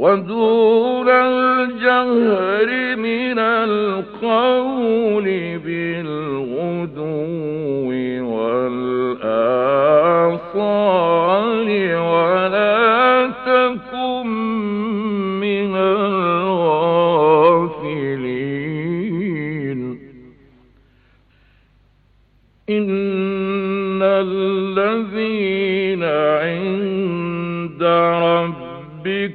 ودون الجهر من القول بالغدو والآصال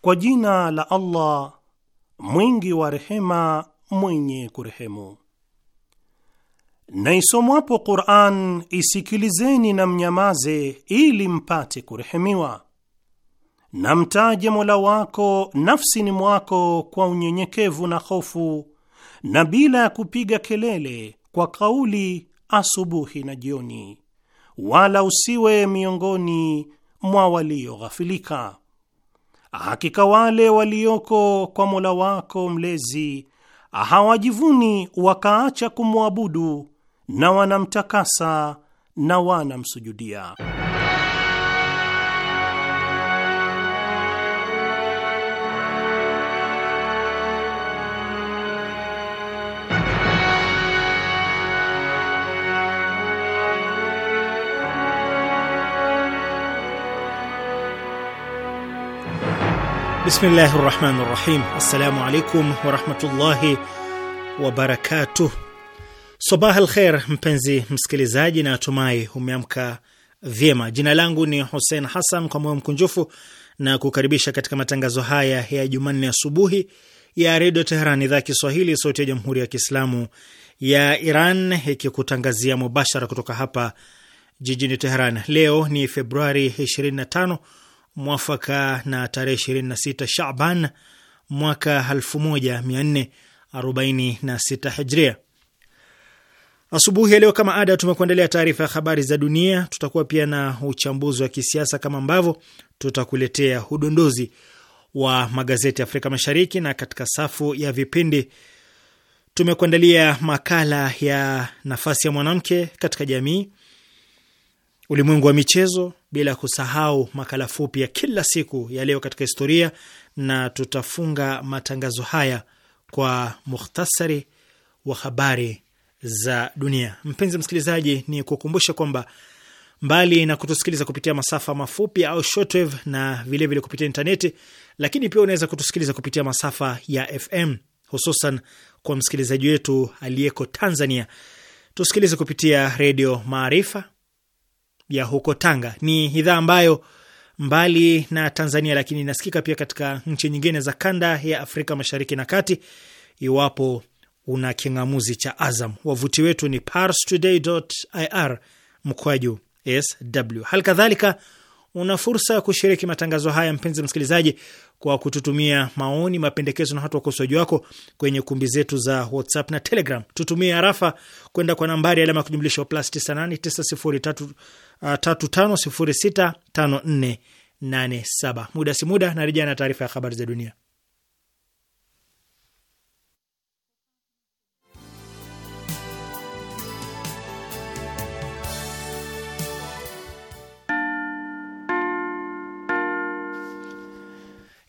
Kwa jina la Allah mwingi wa rehema, mwenye kurehemu. Na isomwapo Qur'an isikilizeni na mnyamaze, ili mpate kurehemiwa. Na mtaje Mola wako nafsini mwako kwa unyenyekevu na hofu, na bila ya kupiga kelele, kwa kauli asubuhi na jioni, wala usiwe miongoni mwa walioghafilika. Hakika wale walioko kwa Mola wako mlezi hawajivuni wakaacha kumwabudu na wanamtakasa na wanamsujudia. Bismillahi rahmani rahim. Assalamu alaikum warahmatullahi wabarakatuh. Sabah al kher, mpenzi msikilizaji, na atumai umeamka vyema. Jina langu ni Hussein Hassan, kwa moyo mkunjufu na kukaribisha katika matangazo haya ya Jumanne asubuhi ya Redio Teheran, idhaa ya Kiswahili, sauti ya Jamhuri ya Kiislamu ya Iran, ikikutangazia mubashara kutoka hapa jijini Teheran. Leo ni Februari 25 mwafaka na tarehe 26 Shaban mwaka 1446 Hijria. Asubuhi ya leo kama ada, tumekuandalia taarifa ya habari za dunia, tutakuwa pia na uchambuzi wa kisiasa kama ambavyo tutakuletea udondozi wa magazeti ya Afrika Mashariki, na katika safu ya vipindi tumekuandalia makala ya nafasi ya mwanamke katika jamii ulimwengu wa michezo, bila kusahau makala fupi ya kila siku ya leo katika historia, na tutafunga matangazo haya kwa mukhtasari wa habari za dunia. Mpenzi msikilizaji, ni kukumbusha kwamba mbali na kutusikiliza kupitia masafa mafupi au shortwave na vilevile vile kupitia intaneti, lakini pia unaweza kutusikiliza kupitia masafa ya FM, hususan kwa msikilizaji wetu aliyeko Tanzania, tusikilize kupitia Redio Maarifa ya huko Tanga. Ni idhaa ambayo mbali na Tanzania, lakini inasikika pia katika nchi nyingine za kanda ya Afrika Mashariki na Kati, iwapo una king'amuzi cha Azam. Wavuti wetu ni parstoday.ir mkwaju sw. Hali kadhalika Una fursa ya kushiriki matangazo haya, mpenzi msikilizaji, kwa kututumia maoni, mapendekezo na hata ukosoaji wako kwenye kumbi zetu za WhatsApp na Telegram. Tutumie arafa kwenda kwa nambari alama ya kujumlisha plus 989035065487. Uh, muda si muda narejea na taarifa ya habari za dunia.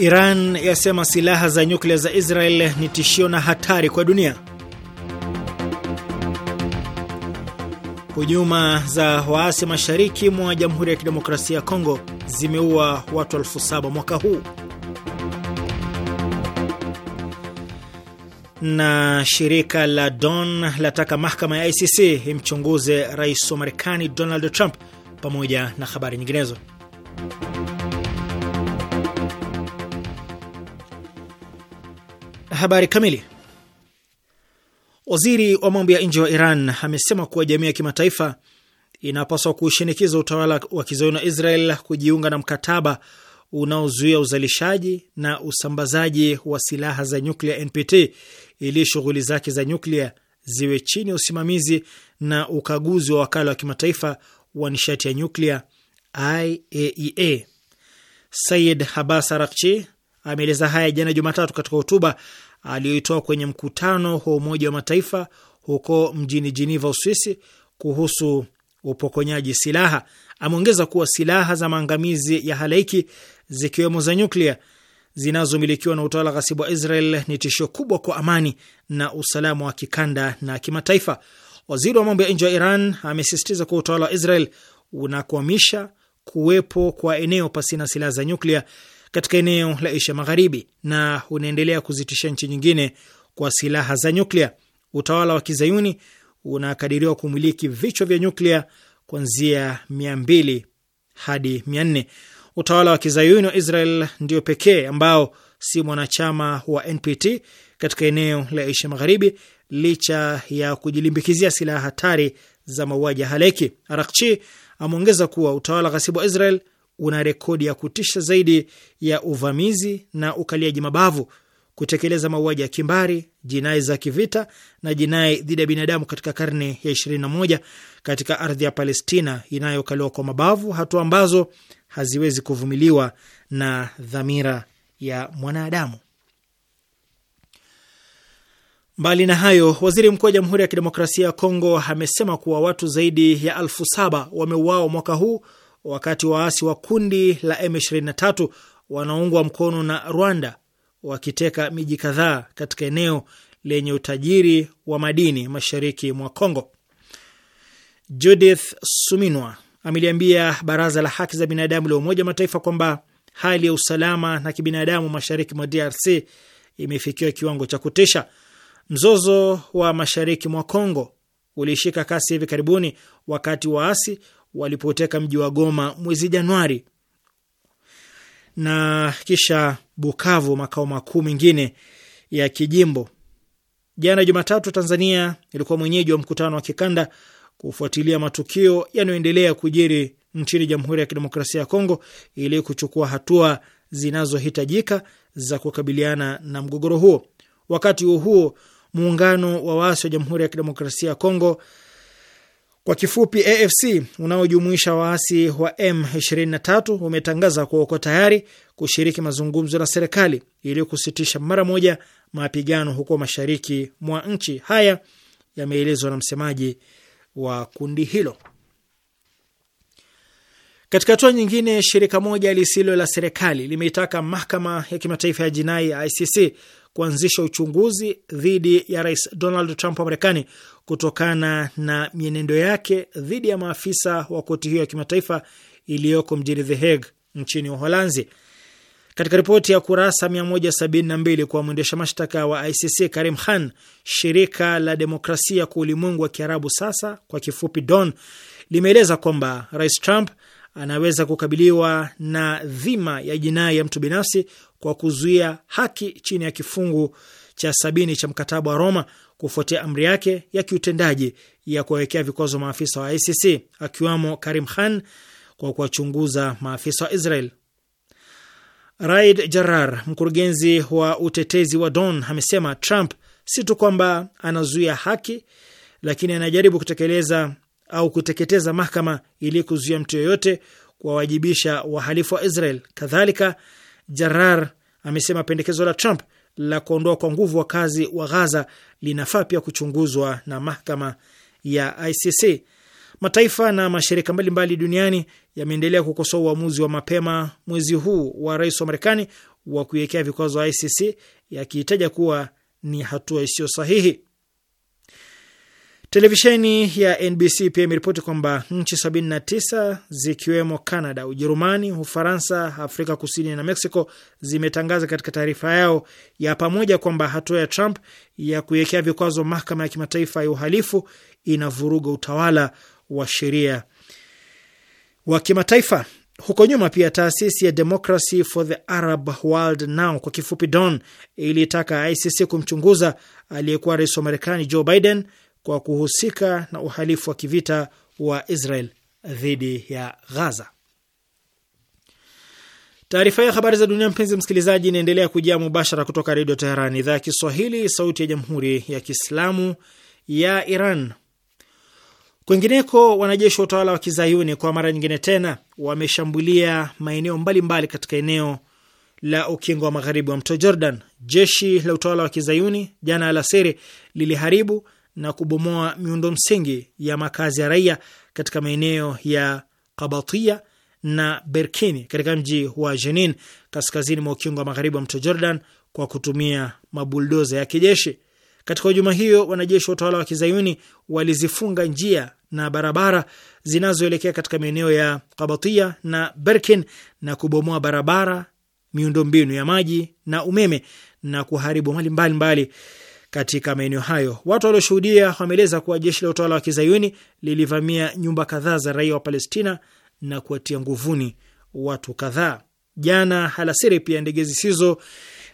Iran yasema silaha za nyuklia za Israel ni tishio na hatari kwa dunia. Hujuma za waasi mashariki mwa Jamhuri ya Kidemokrasia ya Kongo zimeua watu elfu saba mwaka huu. Na shirika la Don lataka mahakama ya ICC imchunguze rais wa Marekani Donald Trump, pamoja na habari nyinginezo. Habari kamili. Waziri wa mambo ya nje wa Iran amesema kuwa jamii ya kimataifa inapaswa kushinikiza utawala wa kizayuni wa Israel kujiunga na mkataba unaozuia uzalishaji na usambazaji wa silaha za nyuklia NPT ili shughuli zake za nyuklia ziwe chini ya usimamizi na ukaguzi wa wakala wa kimataifa wa nishati ya nyuklia IAEA. Sayid Habas Arakchi ameeleza haya jana Jumatatu katika hotuba aliyoitoa kwenye mkutano wa Umoja wa Mataifa huko mjini Jeneva, Uswisi, kuhusu upokonyaji silaha. Ameongeza kuwa silaha za maangamizi ya halaiki zikiwemo za nyuklia zinazomilikiwa na utawala ghasibu wa Israel ni tishio kubwa kwa amani na usalama wa kikanda na kimataifa. Waziri wa mambo ya nje wa Iran amesisitiza kuwa utawala wa Israel unakwamisha kuwepo kwa eneo pasina silaha za nyuklia katika eneo la Asia Magharibi na unaendelea kuzitisha nchi nyingine kwa silaha za nyuklia. Utawala wa kizayuni unakadiriwa kumiliki vichwa vya nyuklia kuanzia mia mbili hadi mia nne. Utawala wa kizayuni wa Israel ndio pekee ambao si mwanachama wa NPT katika eneo la Asia Magharibi, licha ya kujilimbikizia silaha hatari za mauaji ya halaiki. Arakchi ameongeza kuwa utawala ghasibu wa Israel una rekodi ya kutisha zaidi ya uvamizi na ukaliaji mabavu, kutekeleza mauaji ya kimbari, jinai za kivita na jinai dhidi ya binadamu katika karne ya 21 katika ardhi ya Palestina inayokaliwa kwa mabavu, hatua ambazo haziwezi kuvumiliwa na dhamira ya mwanadamu. Mbali na hayo, waziri mkuu wa Jamhuri ya Kidemokrasia ya Kongo amesema kuwa watu zaidi ya elfu saba wameuawa mwaka huu wakati waasi wa kundi la M23 wanaoungwa mkono na Rwanda wakiteka miji kadhaa katika eneo lenye utajiri wa madini mashariki mwa congo Judith Suminwa ameliambia Baraza la Haki za Binadamu la Umoja Mataifa kwamba hali ya usalama na kibinadamu mashariki mwa DRC imefikiwa kiwango cha kutisha. Mzozo wa mashariki mwa congo ulishika kasi hivi karibuni wakati waasi walipoteka mji wa Goma mwezi Januari, na kisha Bukavu, makao makuu mengine ya kijimbo. Jana Jumatatu, Tanzania ilikuwa mwenyeji wa mkutano wa kikanda kufuatilia matukio yanayoendelea kujiri nchini Jamhuri ya Kidemokrasia ya Kongo ili kuchukua hatua zinazohitajika za kukabiliana na mgogoro huo. Wakati huo huo, muungano wa waasi wa Jamhuri ya Kidemokrasia ya Kongo kwa kifupi, AFC unaojumuisha waasi wa M23 umetangaza kuwa uko tayari kushiriki mazungumzo na serikali ili kusitisha mara moja mapigano huko mashariki mwa nchi. Haya yameelezwa na msemaji wa kundi hilo. Katika hatua nyingine, shirika moja lisilo la serikali limeitaka mahakama ya kimataifa ya jinai ICC kuanzisha uchunguzi dhidi ya Rais Donald Trump wa Marekani kutokana na mienendo yake dhidi ya maafisa wa koti hiyo ya kimataifa iliyoko mjini The Hague nchini Uholanzi. Katika ripoti ya kurasa 172 kwa mwendesha mashtaka wa ICC Karim Khan, shirika la demokrasia kwa ulimwengu wa Kiarabu sasa kwa kifupi DON limeeleza kwamba Rais Trump anaweza kukabiliwa na dhima ya jinai ya mtu binafsi kwa kuzuia haki chini ya kifungu cha sabini cha mkataba wa Roma kufuatia amri yake ya kiutendaji ya kuwawekea vikwazo maafisa wa ICC akiwamo Karim Khan kwa kuwachunguza maafisa wa Israel. Raid Jarar, mkurugenzi wa utetezi wa don amesema Trump si tu kwamba anazuia haki, lakini anajaribu kutekeleza au kuteketeza mahakama ili kuzuia mtu yoyote kuwawajibisha wahalifu wa Israel. Kadhalika, Jarar amesema pendekezo la Trump la kuondoa kwa nguvu wakazi wa Ghaza linafaa pia kuchunguzwa na mahakama ya ICC. Mataifa na mashirika mbalimbali duniani yameendelea kukosoa uamuzi wa mapema mwezi huu wa rais wa Marekani wa kuiwekea vikwazo ICC, yakiitaja kuwa ni hatua isiyo sahihi. Televisheni ya NBC pia imeripoti kwamba nchi 79 zikiwemo Canada, Ujerumani, Ufaransa, Afrika Kusini na Mexico zimetangaza katika taarifa yao ya pamoja kwamba hatua ya Trump ya kuiwekea vikwazo mahakama ya kimataifa ya uhalifu inavuruga utawala wa sheria wa kimataifa. Huko nyuma pia taasisi ya Democracy for the Arab World Now kwa kifupi don ilitaka ICC kumchunguza aliyekuwa rais wa Marekani Joe Biden kwa kuhusika na uhalifu wa kivita wa Israel dhidi ya Gaza. Taarifa ya habari za dunia, mpenzi msikilizaji, inaendelea kujia mubashara kutoka Redio Teheran, idhaa ya Kiswahili, sauti ya jamhuri ya kiislamu ya Iran. Kwingineko, wanajeshi wa utawala wa kizayuni kwa mara nyingine tena wameshambulia maeneo mbalimbali katika eneo la ukingo wa magharibi wa mto Jordan. Jeshi la utawala wa kizayuni jana alasiri liliharibu na kubomoa miundo msingi ya makazi ya raia katika maeneo ya Kabatia na Berkini katika mji wa Jenin kaskazini mwa ukingo wa magharibi wa mto Jordan kwa kutumia mabuldoza ya kijeshi. Katika hujuma hiyo, wanajeshi wa utawala wa kizayuni walizifunga njia na barabara zinazoelekea katika maeneo ya Kabatia na Berkin na kubomoa barabara, miundombinu ya maji na umeme na kuharibu mali mbalimbali mbali katika maeneo hayo. Watu walioshuhudia wameeleza kuwa jeshi la utawala wa kizayuni lilivamia nyumba kadhaa za raia wa Palestina na kuwatia nguvuni watu kadhaa. Jana alasiri, pia ndege zisizo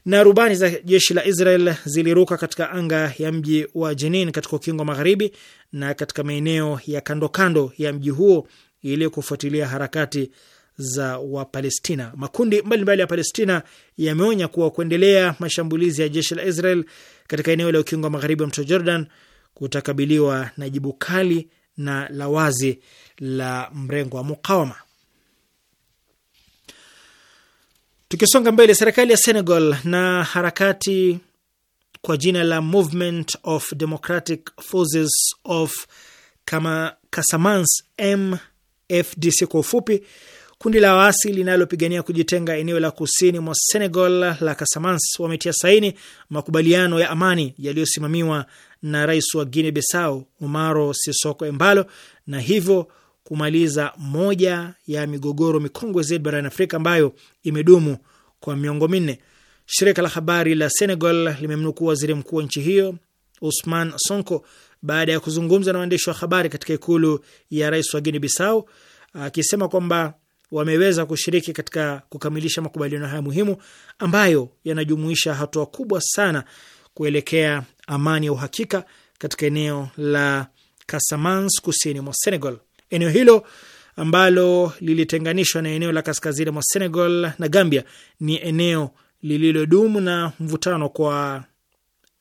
na rubani za jeshi la Israel ziliruka katika anga ya mji wa Jenin katika ukingo magharibi na katika maeneo ya kando kando ya mji huo ili kufuatilia harakati za Wapalestina. Makundi mbalimbali mbali ya Palestina yameonya kuwa kuendelea mashambulizi ya jeshi la Israel katika eneo la ukingo wa magharibi wa mto Jordan kutakabiliwa na jibu kali na la wazi la mrengo wa mukawama. Tukisonga mbele, serikali ya Senegal na harakati kwa jina la Movement of Democratic Forces of kama Casamance, MFDC kwa ufupi, Kundi la waasi linalopigania kujitenga eneo la kusini mwa Senegal la Casamance wametia saini makubaliano ya amani yaliyosimamiwa na rais wa Guinea Bissau Umaro Sisoko Embalo na hivyo kumaliza moja ya migogoro mikongwe zaidi barani Afrika ambayo imedumu kwa miongo minne. Shirika la habari la Senegal limemnukuu waziri mkuu wa nchi hiyo Usman Sonko baada ya kuzungumza na waandishi wa habari katika ikulu ya rais wa Guinea Bissau akisema kwamba wameweza kushiriki katika kukamilisha makubaliano haya muhimu ambayo yanajumuisha hatua kubwa sana kuelekea amani ya uhakika katika eneo la Casamance kusini mwa Senegal. Eneo hilo ambalo lilitenganishwa na eneo la kaskazini mwa Senegal na Gambia ni eneo lililodumu na mvutano kwa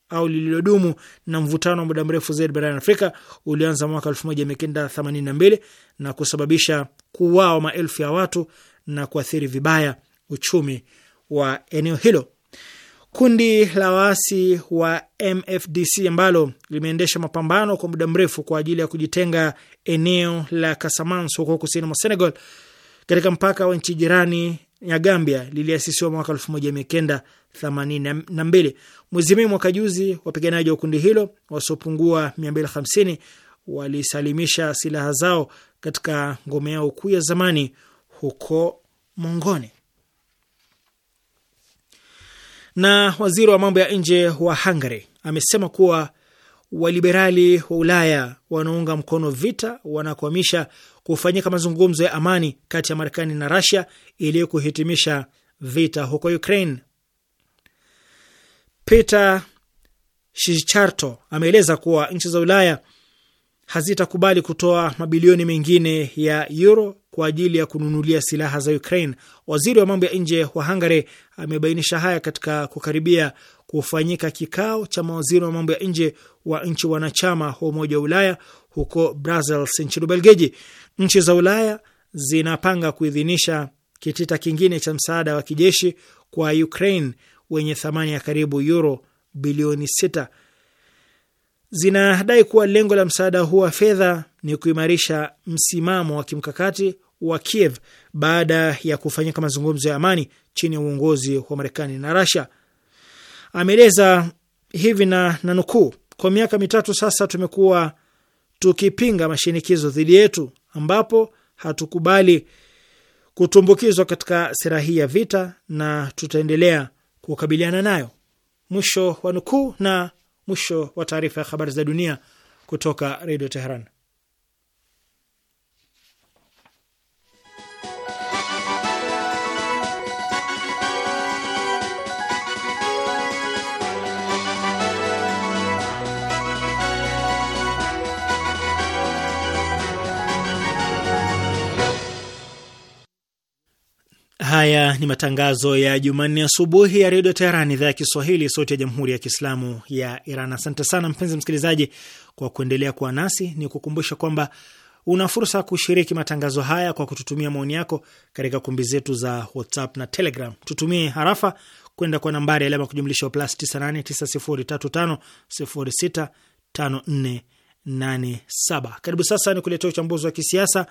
au lililodumu na mvutano wa muda mrefu zaidi barani Afrika ulianza mwaka 1982 na kusababisha kuuawa maelfu ya watu na kuathiri vibaya uchumi wa eneo hilo. Kundi la waasi wa MFDC ambalo limeendesha mapambano kwa muda mrefu kwa ajili ya kujitenga eneo la Casamance huko kusini mwa Senegal katika mpaka wa nchi jirani ya Gambia liliasisiwa mwaka mbili. Mwezi Mei mwaka juzi, wapiganaji wa kundi hilo wasiopungua 250 walisalimisha silaha zao katika ngome yao kuu ya zamani huko Mongoni. Na waziri wa mambo ya nje wa Hungary amesema kuwa waliberali wa Ulaya wanaunga mkono vita wanakwamisha kufanyika mazungumzo ya amani kati ya Marekani na Rasia ili kuhitimisha vita huko Ukraine. Peter Shicharto ameeleza kuwa nchi za Ulaya hazitakubali kutoa mabilioni mengine ya euro kwa ajili ya kununulia silaha za Ukraine. Waziri wa mambo ya nje wa Hungary amebainisha haya katika kukaribia kufanyika kikao cha mawaziri wa mambo ya nje wa nchi wanachama wa Umoja wa Ulaya huko Brussels nchini Ubelgiji. Nchi za Ulaya zinapanga kuidhinisha kitita kingine cha msaada wa kijeshi kwa Ukraine wenye thamani ya karibu euro bilioni sita. Zinadai kuwa lengo la msaada huu wa fedha ni kuimarisha msimamo wa kimkakati wa Kiev baada ya kufanyika mazungumzo ya amani chini ya uongozi wa Marekani na rasia Ameeleza hivi na nanukuu, kwa miaka mitatu sasa tumekuwa tukipinga mashinikizo dhidi yetu ambapo hatukubali kutumbukizwa katika sera hii ya vita na tutaendelea kukabiliana nayo. Mwisho wa nukuu na mwisho wa taarifa ya habari za dunia kutoka Redio Teheran. Haya ni matangazo ya Jumanne asubuhi ya redio Teheran, idhaa ya Kiswahili, sauti ya jamhuri ya kiislamu ya Iran. Asante sana mpenzi msikilizaji kwa kuendelea kuwa nasi. Ni kukumbusha kwamba una fursa ya kushiriki matangazo haya kwa kututumia maoni yako katika kumbi zetu za WhatsApp na Telegram. Tutumie harafa kwenda kwa nambari alama kujumlisha plus 989035065487. Karibu sasa ni kuletea uchambuzi wa kisiasa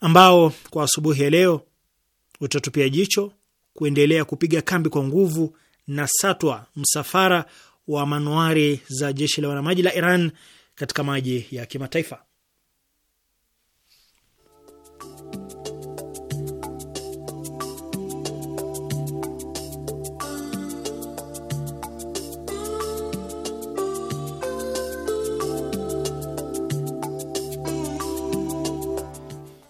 ambao kwa asubuhi ya leo utatupia jicho kuendelea kupiga kambi kwa nguvu na satwa msafara wa manuari za jeshi la wanamaji la Iran katika maji ya kimataifa.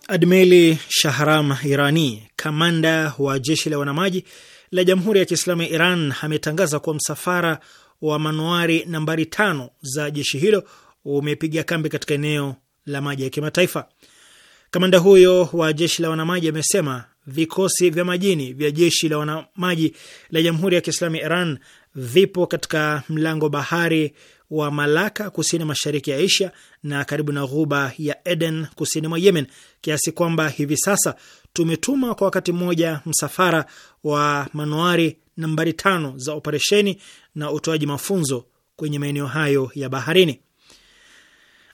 Admeli Shahram Irani kamanda wa jeshi la wanamaji la Jamhuri ya Kiislamu ya Iran ametangaza kuwa msafara wa manuari nambari tano za jeshi hilo umepiga kambi katika eneo la maji ya kimataifa. Kamanda huyo wa jeshi la wanamaji amesema vikosi vya majini vya jeshi la wanamaji la Jamhuri ya Kiislamu ya Iran vipo katika mlango bahari wa Malaka kusini mashariki ya Asia na karibu na ghuba ya Eden kusini mwa Yemen, kiasi kwamba hivi sasa tumetuma kwa wakati mmoja msafara wa manuari nambari tano za operesheni na utoaji mafunzo kwenye maeneo hayo ya baharini.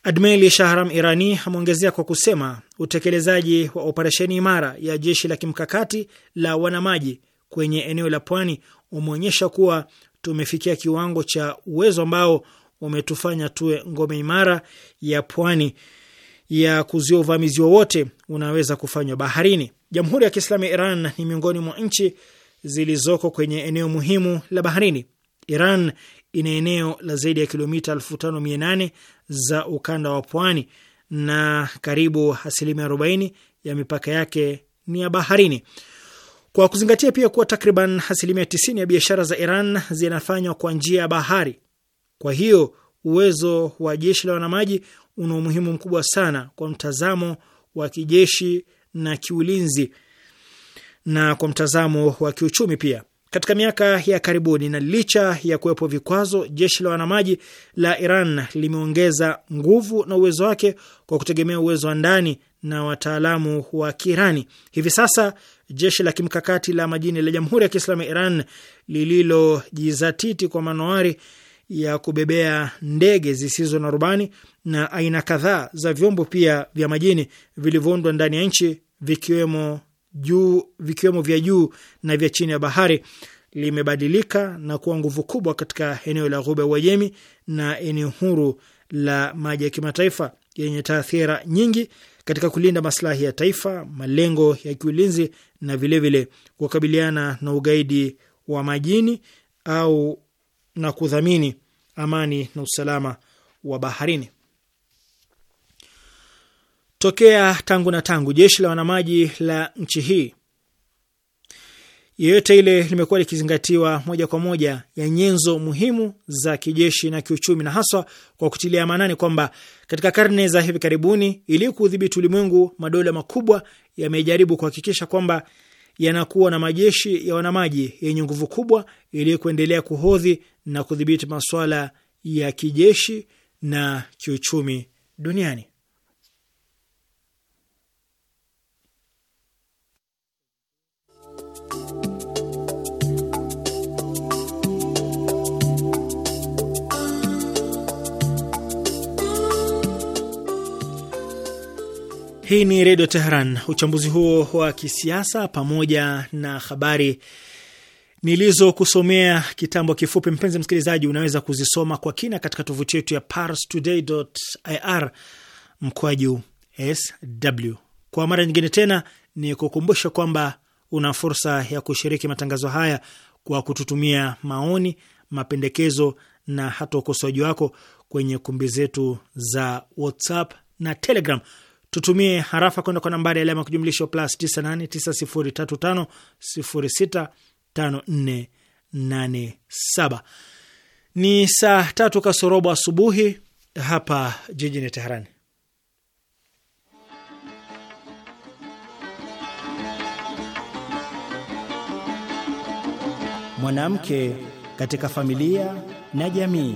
Admeli Shahram Irani ameongezea kwa kusema utekelezaji wa operesheni imara ya jeshi la kimkakati la wanamaji kwenye eneo la pwani umeonyesha kuwa tumefikia kiwango cha uwezo ambao umetufanya tuwe ngome imara ya pwani ya kuzuia uvamizi wowote unaweza kufanywa baharini. Jamhuri ya Kiislamu ya Iran ni miongoni mwa nchi zilizoko kwenye eneo muhimu la baharini. Iran ina eneo la zaidi ya kilomita 5800 za ukanda wa pwani na karibu asilimia 40 ya mipaka yake ni ya baharini. Kwa kuzingatia pia kuwa takriban asilimia 90 ya biashara za Iran zinafanywa kwa njia ya bahari, kwa hiyo uwezo wa jeshi la wanamaji una umuhimu mkubwa sana kwa mtazamo wa kijeshi na kiulinzi na kwa mtazamo wa kiuchumi pia katika miaka ya karibuni, na licha ya kuwepo vikwazo, jeshi la wanamaji la Iran limeongeza nguvu na uwezo wake kwa kutegemea uwezo wa ndani na wataalamu wa Kiirani. Hivi sasa jeshi la kimkakati la majini la Jamhuri ya Kiislamu ya Iran lililojizatiti kwa manowari ya kubebea ndege zisizo na rubani na aina kadhaa za vyombo pia vya majini vilivyoundwa ndani ya nchi vikiwemo juu vikiwemo vya juu na vya chini ya bahari limebadilika na kuwa nguvu kubwa katika eneo la Ghuba ya Uajemi na eneo huru la maji ya kimataifa yenye taathira nyingi katika kulinda maslahi ya taifa, malengo ya kiulinzi na vilevile kukabiliana na ugaidi wa majini au na kudhamini amani na usalama wa baharini tokea tangu na tangu jeshi la wanamaji la nchi hii yeyote ile limekuwa likizingatiwa moja kwa moja ya nyenzo muhimu za kijeshi na kiuchumi, na haswa kwa kutilia maanani kwamba katika karne za hivi karibuni, ili kuudhibiti ulimwengu, madola makubwa yamejaribu kuhakikisha kwamba yanakuwa na majeshi ya wanamaji yenye nguvu kubwa, ili kuendelea kuhodhi na kudhibiti masuala ya kijeshi na kiuchumi duniani. Hii ni Redio Teheran. Uchambuzi huo wa kisiasa pamoja na habari nilizokusomea kitambo kifupi, mpenzi msikilizaji, unaweza kuzisoma kwa kina katika tovuti yetu ya parstoday.ir mkwaju sw. Kwa mara nyingine tena ni kukumbusha kwamba una fursa ya kushiriki matangazo haya kwa kututumia maoni, mapendekezo na hata ukosoaji wako kwenye kumbi zetu za WhatsApp na Telegram. Tutumie harafa kwenda kwa nambari ya alama ya kujumlisha plus 989035065487. Ni saa tatu kasorobo asubuhi hapa jijini Teherani. mwanamke katika familia na jamii.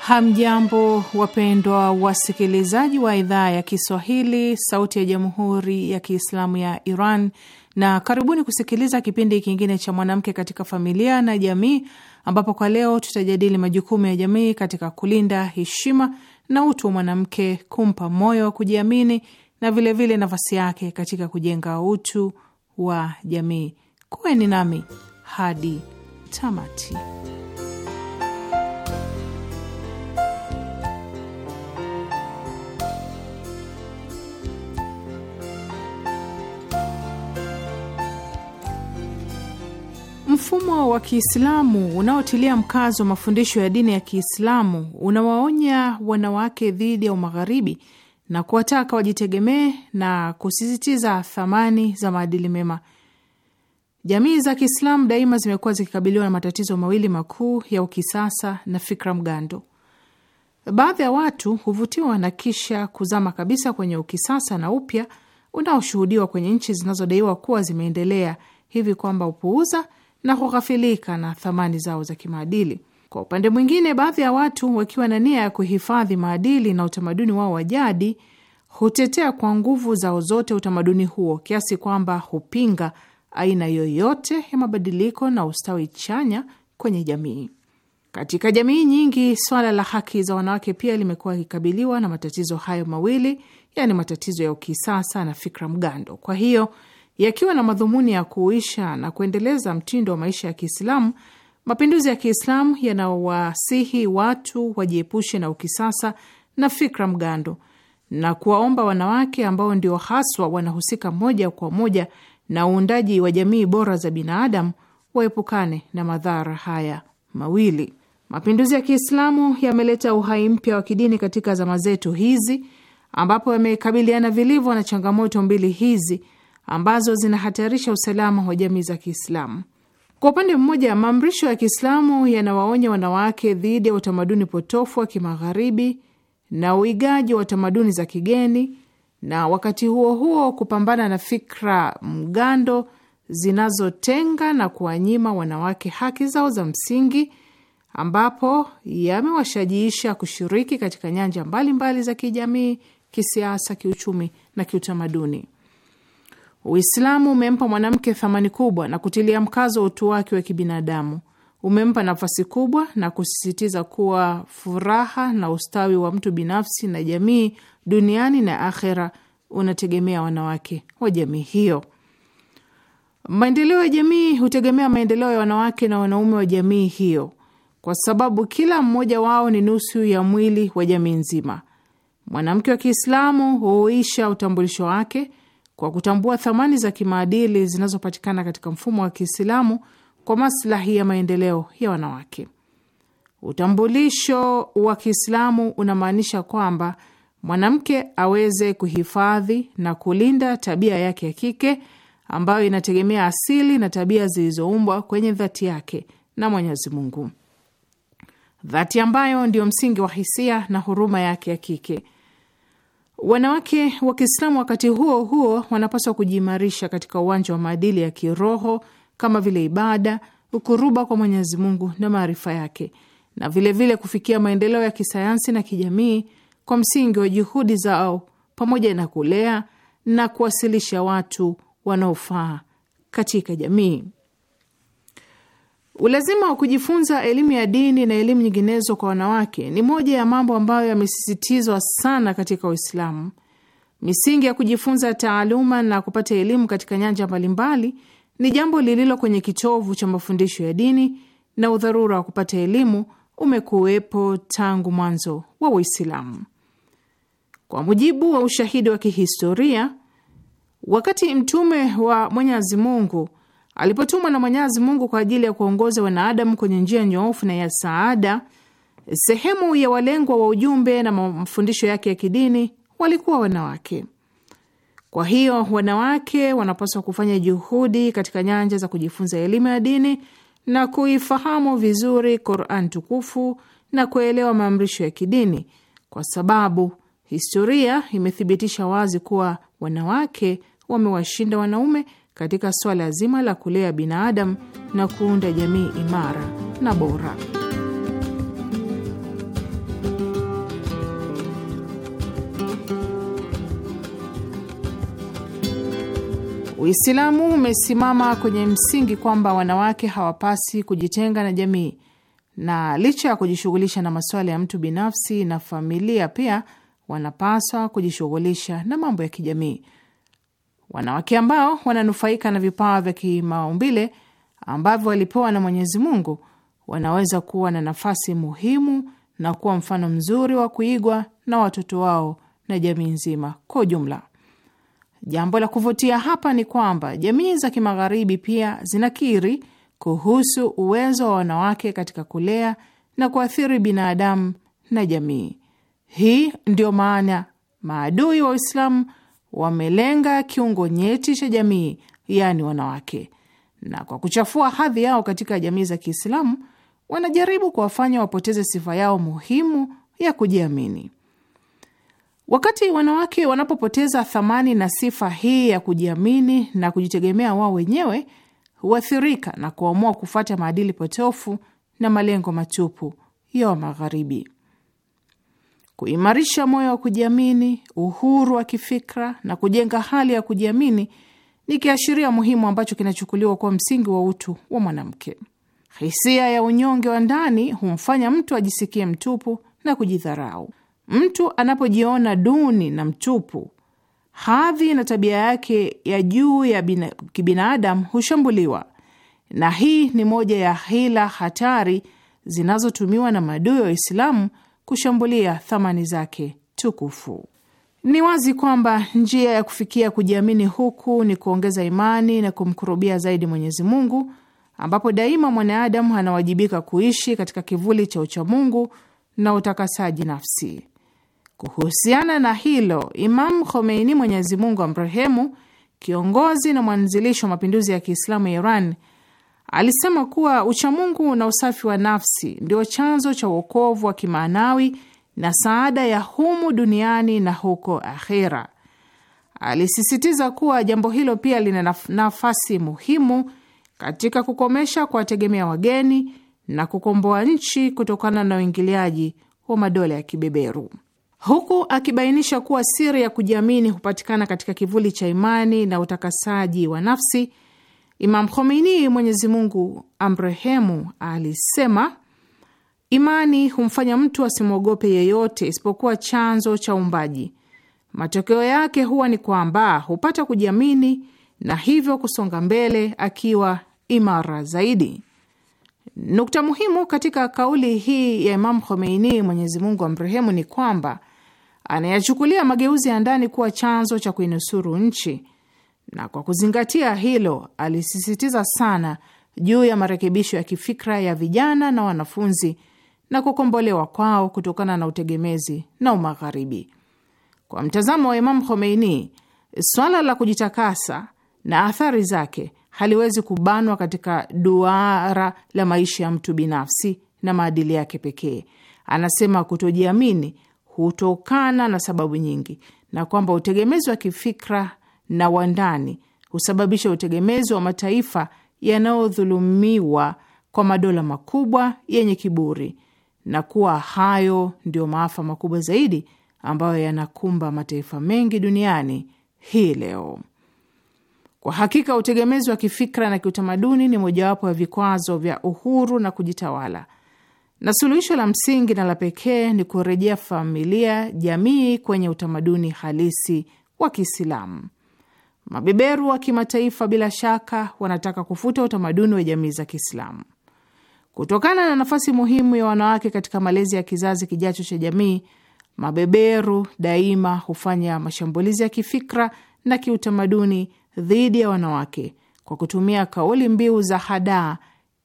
Hamjambo, wapendwa wasikilizaji wa idhaa ya Kiswahili, Sauti ya Jamhuri ya Kiislamu ya Iran, na karibuni kusikiliza kipindi kingine cha mwanamke katika familia na jamii, ambapo kwa leo tutajadili majukumu ya jamii katika kulinda heshima na utu wa mwanamke, kumpa moyo wa kujiamini na vilevile nafasi yake katika kujenga utu wa jamii. Kuweni nami hadi tamati. Mfumo wa Kiislamu unaotilia mkazo wa mafundisho ya dini ya Kiislamu unawaonya wanawake dhidi ya umagharibi na kuwataka wajitegemee na kusisitiza thamani za maadili mema. Jamii za Kiislamu daima zimekuwa zikikabiliwa na matatizo mawili makuu ya ukisasa na fikra mgando. Baadhi ya watu huvutiwa na kisha kuzama kabisa kwenye ukisasa na upya unaoshuhudiwa kwenye nchi zinazodaiwa kuwa zimeendelea hivi kwamba hupuuza na kughafilika na thamani zao za kimaadili. Kwa upande mwingine, baadhi ya watu wakiwa na nia ya kuhifadhi maadili na utamaduni wao wa jadi hutetea kwa nguvu zao zote utamaduni huo kiasi kwamba hupinga aina yoyote ya mabadiliko na ustawi chanya kwenye jamii. Katika jamii nyingi, swala la haki za wanawake pia limekuwa likikabiliwa na matatizo hayo mawili, yaani matatizo ya ukisasa na fikra mgando. Kwa hiyo yakiwa na madhumuni ya kuisha na kuendeleza mtindo wa maisha ya Kiislamu, mapinduzi ya Kiislamu yanawasihi watu wajiepushe na ukisasa na fikra mgando na kuwaomba wanawake ambao ndio haswa wanahusika moja kwa moja na uundaji wa jamii bora za binadamu waepukane na madhara haya mawili. Mapinduzi ya Kiislamu yameleta uhai mpya wa kidini katika zama zetu hizi, ambapo yamekabiliana vilivyo na changamoto mbili hizi ambazo zinahatarisha usalama wa jamii za Kiislamu. Kwa upande mmoja, maamrisho ya Kiislamu yanawaonya wanawake dhidi ya utamaduni potofu wa Kimagharibi na uigaji wa tamaduni za kigeni na wakati huo huo kupambana na fikra mgando zinazotenga na kuwanyima wanawake haki zao za msingi, ambapo yamewashajiisha kushiriki katika nyanja mbalimbali mbali za kijamii, kisiasa, kiuchumi na kiutamaduni. Uislamu umempa mwanamke thamani kubwa na kutilia mkazo utu wake wa kibinadamu. Umempa nafasi kubwa na kusisitiza kuwa furaha na ustawi wa mtu binafsi na jamii duniani na akhera unategemea wanawake wa jamii hiyo. Maendeleo ya jamii hutegemea maendeleo ya wanawake na wanaume wa jamii hiyo, kwa sababu kila mmoja wao ni nusu ya mwili wa jamii nzima. Mwanamke wa Kiislamu huisha utambulisho wake kwa kutambua thamani za kimaadili zinazopatikana katika mfumo wa Kiislamu kwa maslahi ya maendeleo ya wanawake. Utambulisho wa Kiislamu unamaanisha kwamba mwanamke aweze kuhifadhi na kulinda tabia yake ya kike ambayo inategemea asili na tabia zilizoumbwa kwenye dhati yake na Mwenyezi Mungu, dhati ambayo ndiyo msingi wa hisia na huruma yake ya kike. Wanawake wa Kiislamu wakati huo huo wanapaswa kujiimarisha katika uwanja wa maadili ya kiroho kama vile ibada, ukuruba kwa Mwenyezi Mungu na maarifa yake, na vilevile vile kufikia maendeleo ya kisayansi na kijamii kwa msingi wa juhudi zao pamoja na kulea na kuwasilisha watu wanaofaa katika jamii. Ulazima wa kujifunza elimu ya dini na elimu nyinginezo kwa wanawake ni moja ya mambo ambayo yamesisitizwa sana katika Uislamu. Misingi ya kujifunza taaluma na kupata elimu katika nyanja mbalimbali ni jambo lililo kwenye kitovu cha mafundisho ya dini, na udharura wa kupata elimu umekuwepo tangu mwanzo wa Uislamu. Kwa mujibu wa ushahidi wa kihistoria, wakati mtume wa Mwenyezi Mungu alipotumwa na Mwenyezi Mungu kwa ajili ya kuongoza wanadamu kwenye njia nyoofu na ya saada, sehemu ya walengwa wa ujumbe na mafundisho yake ya kidini walikuwa wanawake. Kwa hiyo wanawake wanapaswa kufanya juhudi katika nyanja za kujifunza elimu ya dini na kuifahamu vizuri Qur'an tukufu na kuelewa maamrisho ya kidini, kwa sababu Historia imethibitisha wazi kuwa wanawake wamewashinda wanaume katika swala zima la kulea binadamu na kuunda jamii imara na bora. Uislamu umesimama kwenye msingi kwamba wanawake hawapasi kujitenga na jamii, na licha ya kujishughulisha na masuala ya mtu binafsi na familia, pia wanapaswa kujishughulisha na mambo ya kijamii. Wanawake ambao wananufaika na vipawa vya kimaumbile ambavyo walipewa na Mwenyezi Mungu wanaweza kuwa na nafasi muhimu na kuwa mfano mzuri wa kuigwa na watoto wao na jamii nzima kwa ujumla. Jambo la kuvutia hapa ni kwamba jamii za kimagharibi pia zinakiri kuhusu uwezo wa wanawake katika kulea na kuathiri binadamu na jamii. Hii ndiyo maana maadui wa Uislamu wamelenga kiungo nyeti cha jamii, yaani wanawake, na kwa kuchafua hadhi yao katika jamii za Kiislamu wanajaribu kuwafanya wapoteze sifa yao muhimu ya kujiamini. Wakati wanawake wanapopoteza thamani na sifa hii ya kujiamini na kujitegemea wao wenyewe, huathirika na kuamua kufuata maadili potofu na malengo matupu ya Magharibi kuimarisha moyo wa kujiamini, uhuru wa kifikra na kujenga hali ya kujiamini ni kiashiria muhimu ambacho kinachukuliwa kuwa msingi wa utu wa mwanamke. Hisia ya unyonge wa ndani humfanya mtu ajisikie mtupu na kujidharau. Mtu anapojiona duni na mtupu, hadhi na tabia yake ya juu ya kibinadamu hushambuliwa, na hii ni moja ya hila hatari zinazotumiwa na maadui wa Uislamu kushambulia thamani zake tukufu. Ni wazi kwamba njia ya kufikia kujiamini huku ni kuongeza imani na kumkurubia zaidi Mwenyezi Mungu, ambapo daima mwanadamu anawajibika kuishi katika kivuli cha uchamungu na utakasaji nafsi. Kuhusiana na hilo, Imam Khomeini, Mwenyezi Mungu amrehemu, kiongozi na mwanzilishi wa mapinduzi ya Kiislamu ya Iran Alisema kuwa uchamungu na usafi wa nafsi ndio chanzo cha uokovu wa kimaanawi na saada ya humu duniani na huko akhera. Alisisitiza kuwa jambo hilo pia lina nafasi muhimu katika kukomesha kuwategemea wageni na kukomboa nchi kutokana na uingiliaji wa madola ya kibeberu, huku akibainisha kuwa siri ya kujiamini hupatikana katika kivuli cha imani na utakasaji wa nafsi Imam Khomeini, Mwenyezi Mungu amrehemu, alisema imani humfanya mtu asimwogope yeyote isipokuwa chanzo cha uumbaji. Matokeo yake huwa ni kwamba hupata kujiamini na hivyo kusonga mbele akiwa imara zaidi. Nukta muhimu katika kauli hii ya Imam Khomeini, Mwenyezi Mungu amrehemu, ni kwamba anayachukulia mageuzi ya ndani kuwa chanzo cha kuinusuru nchi na kwa kuzingatia hilo alisisitiza sana juu ya marekebisho ya kifikra ya vijana na wanafunzi na kukombolewa kwao kutokana na utegemezi na umagharibi. Kwa mtazamo wa Imamu Khomeini, swala la kujitakasa na athari zake haliwezi kubanwa katika duara la maisha ya mtu binafsi na maadili yake pekee. Anasema kutojiamini hutokana na sababu nyingi, na kwamba utegemezi wa kifikra na wa ndani husababisha utegemezi wa mataifa yanayodhulumiwa kwa madola makubwa yenye kiburi, na kuwa hayo ndiyo maafa makubwa zaidi ambayo yanakumba mataifa mengi duniani hii leo. Kwa hakika utegemezi wa kifikra na kiutamaduni ni mojawapo ya vikwazo vya uhuru na kujitawala, na suluhisho la msingi na la pekee ni kurejea familia, jamii kwenye utamaduni halisi wa Kiislamu. Mabeberu wa kimataifa bila shaka wanataka kufuta utamaduni wa jamii za Kiislamu. Kutokana na nafasi muhimu ya wanawake katika malezi ya kizazi kijacho cha jamii, mabeberu daima hufanya mashambulizi ya kifikra na kiutamaduni dhidi ya wanawake kwa kutumia kauli mbiu za hadaa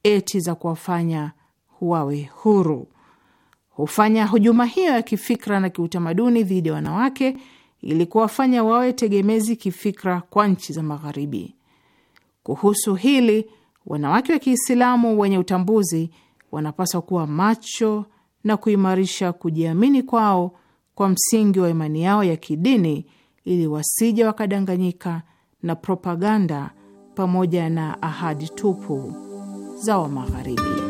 eti za kuwafanya wawe huru. Hufanya hujuma hiyo ya kifikra na kiutamaduni dhidi ya wanawake ili kuwafanya wawe tegemezi kifikra kwa nchi za Magharibi. Kuhusu hili, wanawake wa Kiislamu wenye utambuzi wanapaswa kuwa macho na kuimarisha kujiamini kwao kwa msingi wa imani yao ya kidini, ili wasije wakadanganyika na propaganda pamoja na ahadi tupu za Wamagharibi.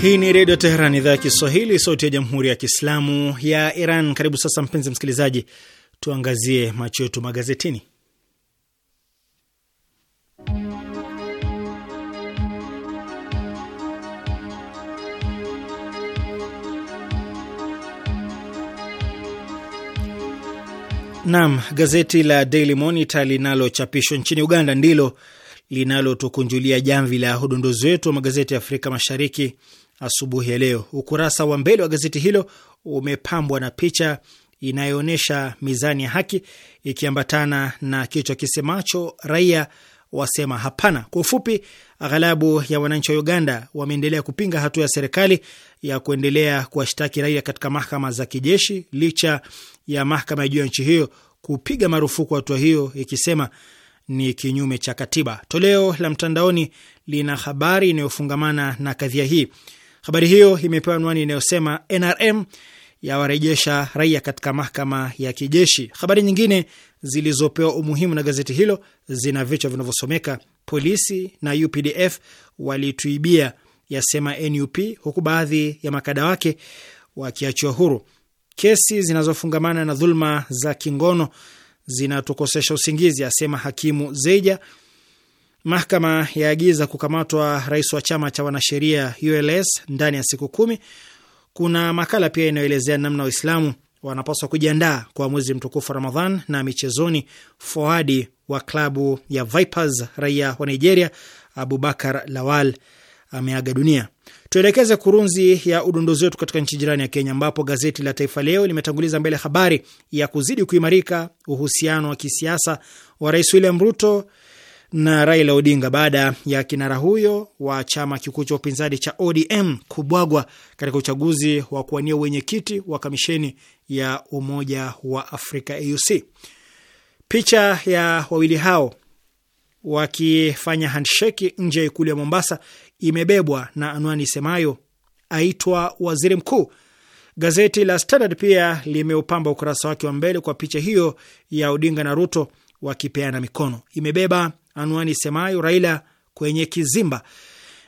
Hii ni Redio Teheran, idhaa ya Kiswahili, sauti ya Jamhuri ya Kiislamu ya Iran. Karibu sasa, mpenzi msikilizaji, tuangazie macho yetu magazetini. Nam, gazeti la Daily Monitor linalochapishwa nchini Uganda ndilo linalotukunjulia jamvi la udondozi wetu wa magazeti ya Afrika Mashariki asubuhi ya leo. Ukurasa wa mbele wa gazeti hilo umepambwa na picha inayoonyesha mizani ya haki ikiambatana na kichwa kisemacho raia wasema hapana. Kwa ufupi, aghalabu ya wananchi wa Uganda wameendelea kupinga hatua ya serikali ya kuendelea kuwashtaki raia katika mahakama za kijeshi licha ya mahakama ya juu ya nchi hiyo kupiga marufuku hatua hiyo ikisema ni kinyume cha katiba. Toleo la mtandaoni lina habari inayofungamana na kadhia hii Habari hiyo imepewa anwani inayosema NRM yawarejesha raia katika mahakama ya kijeshi. Habari nyingine zilizopewa umuhimu na gazeti hilo zina vichwa vinavyosomeka polisi na UPDF walituibia, yasema NUP, huku baadhi ya makada wake wakiachiwa huru. Kesi zinazofungamana na dhuluma za kingono zinatukosesha usingizi, asema hakimu Zeija. Mahakama yaagiza kukamatwa rais wa chama cha wanasheria ULS ndani ya siku kumi. Kuna makala pia inayoelezea namna Waislamu wanapaswa kujiandaa kwa mwezi mtukufu Ramadhan. Na michezoni, foadi wa klabu ya Vipers raia wa Nigeria Abubakar Lawal ameaga dunia. Tuelekeze kurunzi ya udondozi wetu katika nchi jirani ya Kenya, ambapo gazeti la Taifa Leo limetanguliza mbele habari ya kuzidi kuimarika uhusiano wa kisiasa wa Rais William Ruto na Raila Odinga baada ya kinara huyo wa chama kikuu cha upinzani cha ODM kubwagwa katika uchaguzi wa kuwania wenyekiti wa kamisheni ya Umoja wa Afrika AUC. Picha ya wawili hao wakifanya handsheki nje ya ikulu ya Mombasa imebebwa na anwani isemayo aitwa waziri mkuu. Gazeti la Standard pia limeupamba ukurasa wake wa mbele kwa picha hiyo ya Odinga na Ruto wakipeana mikono. Imebeba anwani isemayo Raila kwenye kizimba.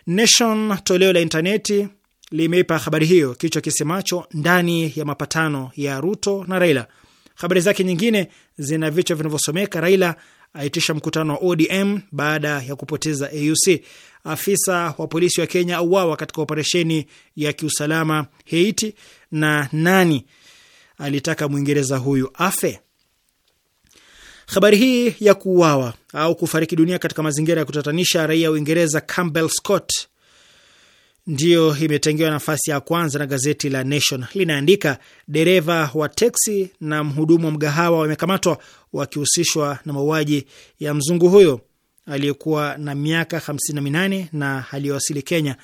Nation toleo la intaneti limeipa habari hiyo kichwa kisemacho ndani ya mapatano ya Ruto na Raila. Habari zake nyingine zina vichwa vinavyosomeka Raila aitisha mkutano wa ODM baada ya kupoteza AUC, afisa wa polisi wa Kenya auawa katika operesheni ya kiusalama Haiti, na nani alitaka Mwingereza huyu afe. Habari hii ya kuuawa au kufariki dunia katika mazingira ya kutatanisha raia wa Uingereza Campbell Scott ndiyo imetengewa nafasi ya kwanza na gazeti la Nation. Linaandika dereva wa teksi na mhudumu wa mgahawa wamekamatwa wakihusishwa na mauaji ya mzungu huyo aliyekuwa na miaka 58 na aliyowasili Kenya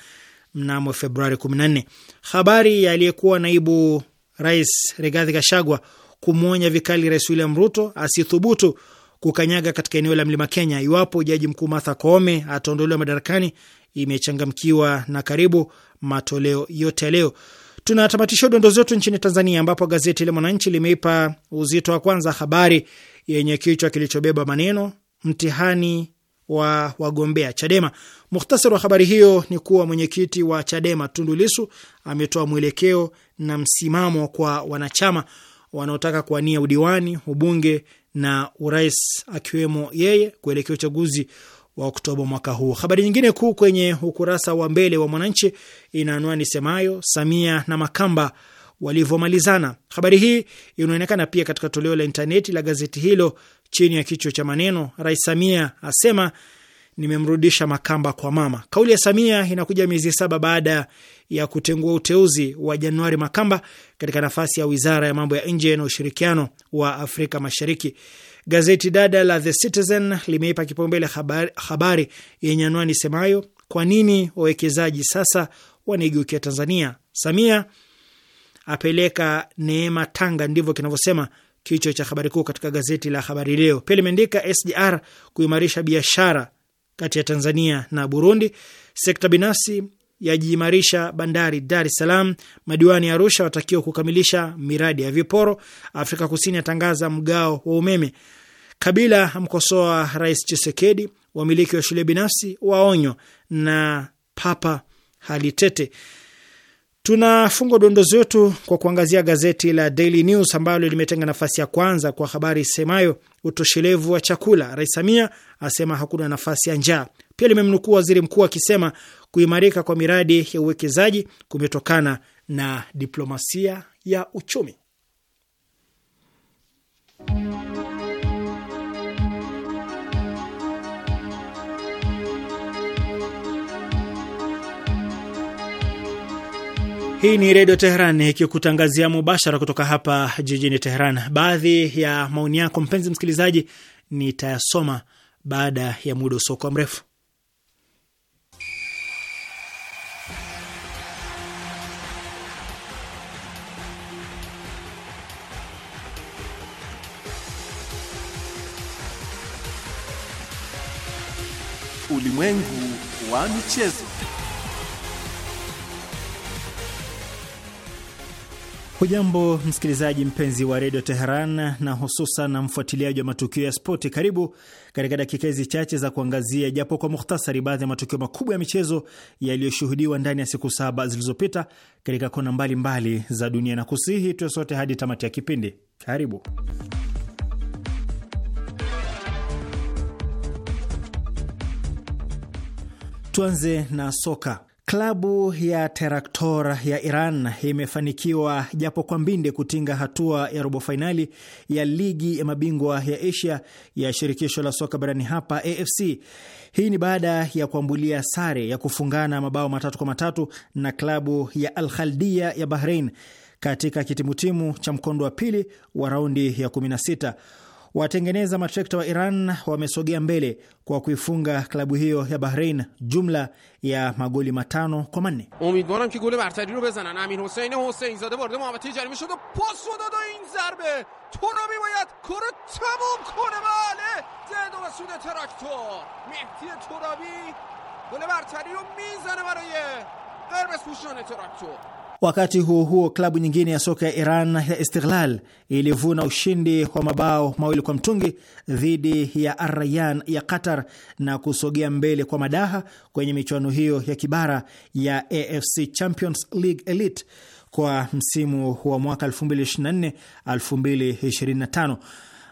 mnamo Februari 14. Habari ya aliyekuwa naibu rais Rigathi Gachagua kumwonya vikali Rais William Ruto asithubutu kukanyaga katika eneo la mlima Kenya iwapo jaji mkuu Martha Koome ataondolewa madarakani, imechangamkiwa na karibu matoleo yote ya leo. Tunatamatisha udondozi wetu nchini Tanzania, ambapo gazeti la Mwananchi limeipa uzito wa kwanza habari yenye kichwa kilichobeba maneno mtihani wa wagombea Chadema. Muhtasari wa habari hiyo ni kuwa mwenyekiti wa Chadema Tundu Lisu ametoa mwelekeo na msimamo kwa wanachama wanaotaka kuwania udiwani, ubunge na urais akiwemo yeye kuelekea uchaguzi wa Oktoba mwaka huu. Habari nyingine kuu kwenye ukurasa wa mbele wa Mwananchi ina anwani semayo Samia na Makamba walivyomalizana. Habari hii inaonekana pia katika toleo la intaneti la gazeti hilo chini ya kichwa cha maneno Rais Samia asema nimemrudisha Makamba kwa mama. Kauli ya Samia inakuja miezi saba baada ya kutengua uteuzi wa Januari Makamba katika nafasi ya wizara ya mambo ya nje na ushirikiano wa Afrika Mashariki. Gazeti dada la The Citizen limeipa kipaumbele habari, habari yenye anwani semayo kwa nini wawekezaji sasa wanaigeukia Tanzania? Samia apeleka neema Tanga, ndivyo kinavyosema kichwa cha habari kuu katika gazeti la Habari Leo. Pia limeandika SGR kuimarisha biashara kati ya Tanzania na Burundi, sekta binafsi yajiimarisha bandari Dar es Salaam, madiwani ya Arusha watakiwa kukamilisha miradi ya viporo, Afrika Kusini yatangaza mgao wa umeme, Kabila amkosoa Rais Chisekedi, wamiliki wa shule binafsi waonywa, na Papa hali tete. Tunafunga dondozi zetu kwa kuangazia gazeti la Daily News ambalo limetenga nafasi ya kwanza kwa habari isemayo utoshelevu wa chakula, Rais Samia asema hakuna nafasi ya njaa. Pia limemnukuu waziri mkuu akisema kuimarika kwa miradi ya uwekezaji kumetokana na diplomasia ya uchumi. Hii ni Redio Teheran ikikutangazia mubashara kutoka hapa jijini Teheran. Baadhi ya maoni yako mpenzi msikilizaji, nitayasoma baada ya muda usiokuwa mrefu. Ulimwengu wa michezo. Hujambo msikilizaji mpenzi wa redio Teheran na hususan na mfuatiliaji wa matukio ya spoti. Karibu katika dakika hizi chache za kuangazia japo kwa muhtasari baadhi ya matukio makubwa ya michezo yaliyoshuhudiwa ndani ya siku saba zilizopita katika kona mbalimbali za dunia, na kusihi tuwe sote hadi tamati ya kipindi. Karibu. Tuanze na soka. Klabu ya Teraktor ya Iran imefanikiwa japo kwa mbinde kutinga hatua ya robo fainali ya ligi ya mabingwa ya Asia ya shirikisho la soka barani hapa AFC. Hii ni baada ya kuambulia sare ya kufungana mabao matatu kwa matatu na klabu ya Al Khaldia ya Bahrain katika kitimutimu cha mkondo wa pili wa raundi ya 16. Watengeneza matrekta wa Iran wamesogea mbele kwa kuifunga klabu hiyo ya Bahrein jumla ya magoli matano kwa manne. Umidwaram ki gole bartari ro bezanan amin husein husein zade varde muhabati jarime shode pas dada in zarbe to ro mibayad koro tamom kone bale zedo va sude traktor mehdi torabi gole bartari ro mizane baraye قرمز pushane traktor Wakati huo huo, klabu nyingine ya soka ya Iran ya Istiklal ilivuna ushindi wa mabao mawili kwa mtungi dhidi ya Arrayan ya Qatar na kusogea mbele kwa madaha kwenye michuano hiyo ya kibara ya AFC Champions League Elite kwa msimu wa mwaka 2024 2025.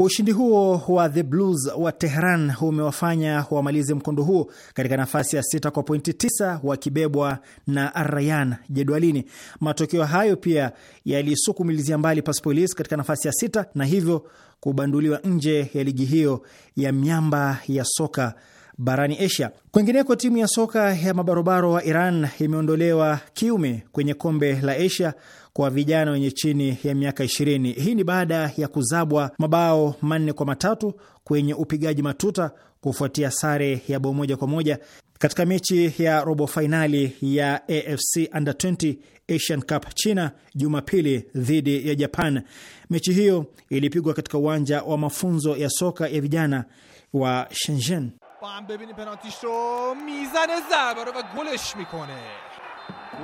Ushindi huo wa The Blues wa Tehran umewafanya wamalize mkondo huo katika nafasi ya sita kwa pointi tisa wakibebwa na Rayan jedwalini. Matokeo hayo pia yalisukumilizia mbali Persepolis katika nafasi ya sita na hivyo kubanduliwa nje ya ligi hiyo ya miamba ya soka barani Asia. Kwengineko, timu ya soka ya mabarobaro wa Iran imeondolewa kiume kwenye kombe la Asia kwa vijana wenye chini ya miaka 20. Hii ni baada ya kuzabwa mabao manne kwa matatu kwenye upigaji matuta kufuatia sare ya bao moja kwa moja katika mechi ya robo fainali ya AFC Under 20 Asian Cup China Jumapili dhidi ya Japan. Mechi hiyo ilipigwa katika uwanja wa mafunzo ya soka ya vijana wa Shenzhen. با هم ببینیم پنالتیش رو میزنه ضربه و گلش میکنه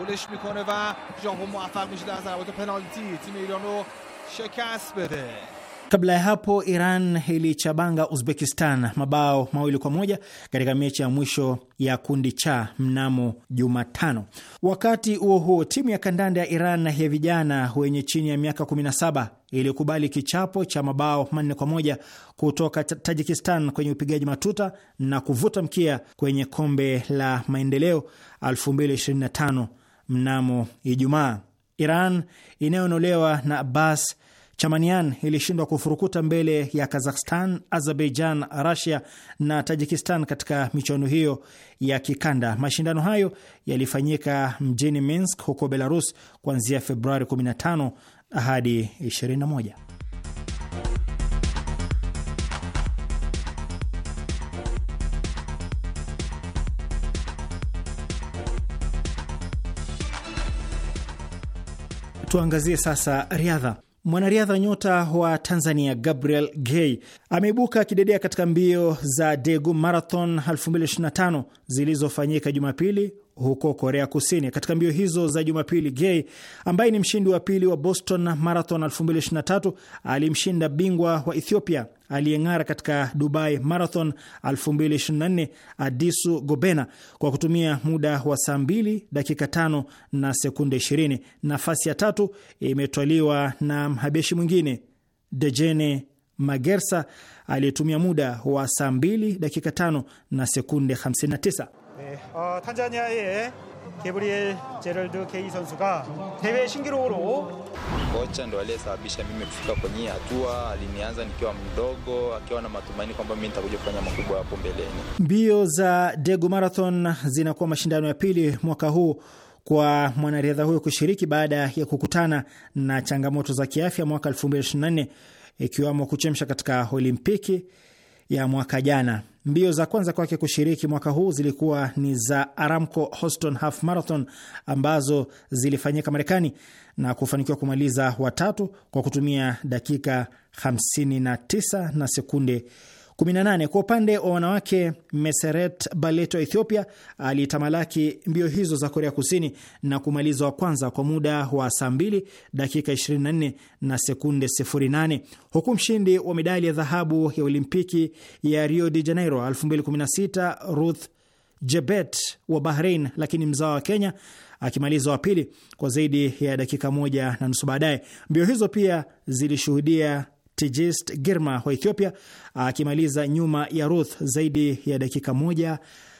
گلش میکنه و ژاپن موفق میشه در ضربات پنالتی تیم ایران رو شکست بده Kabla ya hapo Iran ilichabanga Uzbekistan mabao mawili kwa moja katika mechi ya mwisho ya kundi cha mnamo Jumatano. Wakati huo huo, timu ya kandanda ya Iran ya vijana wenye chini ya miaka 17 ilikubali kichapo cha mabao manne kwa moja kutoka Tajikistan kwenye upigaji matuta na kuvuta mkia kwenye kombe la maendeleo 2025 mnamo Ijumaa. Iran inayonolewa na Abbas Chamanian ilishindwa kufurukuta mbele ya Kazakhstan, Azerbaijan, Russia na Tajikistan katika michuano hiyo ya kikanda. Mashindano hayo yalifanyika mjini Minsk huko Belarus kuanzia Februari 15 hadi 21. Tuangazie sasa riadha. Mwanariadha nyota wa Tanzania Gabriel Gay ameibuka akidedea katika mbio za degu Marathon 2025 zilizofanyika Jumapili huko Korea Kusini. Katika mbio hizo za Jumapili, Gay ambaye ni mshindi wa pili wa Boston Marathon 2023 alimshinda bingwa wa Ethiopia aliyeng'ara katika Dubai Marathon 2024 Adisu Gobena kwa kutumia muda wa saa 2 dakika 5 na sekunde 20. Nafasi ya tatu imetwaliwa na mhabeshi mwingine Dejene Magersa aliyetumia muda wa saa 2 dakika 5 na sekunde 59. 네, 어, 탄자니아의 게브리엘 제럴드 케이 선수가 대회 신기록으로 kocha ndo aliyesababisha mimi kufika kwenye hii hatua. Alinianza nikiwa mdogo, akiwa na matumaini kwamba mimi nitakuja kufanya makubwa hapo mbeleni. Mbio za Degu Marathon zinakuwa mashindano ya pili mwaka huu kwa mwanariadha huyo kushiriki baada ya kukutana na changamoto za kiafya mwaka 2024 ikiwemo kuchemsha katika Olimpiki ya mwaka jana. Mbio za kwanza kwake kushiriki mwaka huu zilikuwa ni za Aramco Houston Half Marathon ambazo zilifanyika Marekani na kufanikiwa kumaliza watatu kwa kutumia dakika 59 na sekunde 18. Kwa upande wa wanawake, Meseret Baleto wa Ethiopia alitamalaki mbio hizo za Korea Kusini na kumaliza wa kwanza kwa muda wa saa 2 dakika 24 na sekunde 08, huku mshindi wa medali ya dhahabu ya Olimpiki ya Rio de Janeiro 2016 Ruth Jebet wa Bahrain, lakini mzawa wa Kenya akimaliza wa pili kwa zaidi ya dakika moja na nusu baadaye. Mbio hizo pia zilishuhudia Tigist Girma wa Ethiopia akimaliza nyuma ya Ruth zaidi ya dakika moja